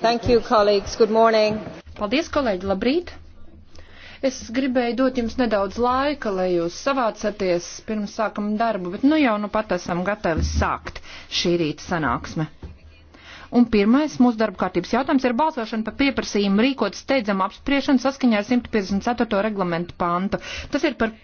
Thank you, colleagues. Good morning. Paldies, kolēģi. Labrīt. Es gribēju dot jums nedaudz laika, lai jūs savācaties pirms sākam darbu, bet nu jau nu pat esam gatavi sākt šī rīta sanāksme. Un pirmais mūsu darba kārtības jautājums ir balsošana par pieprasījumu rīkot steidzamu apspriešanu saskaņā ar 154. reglamentu pantu. Tas ir par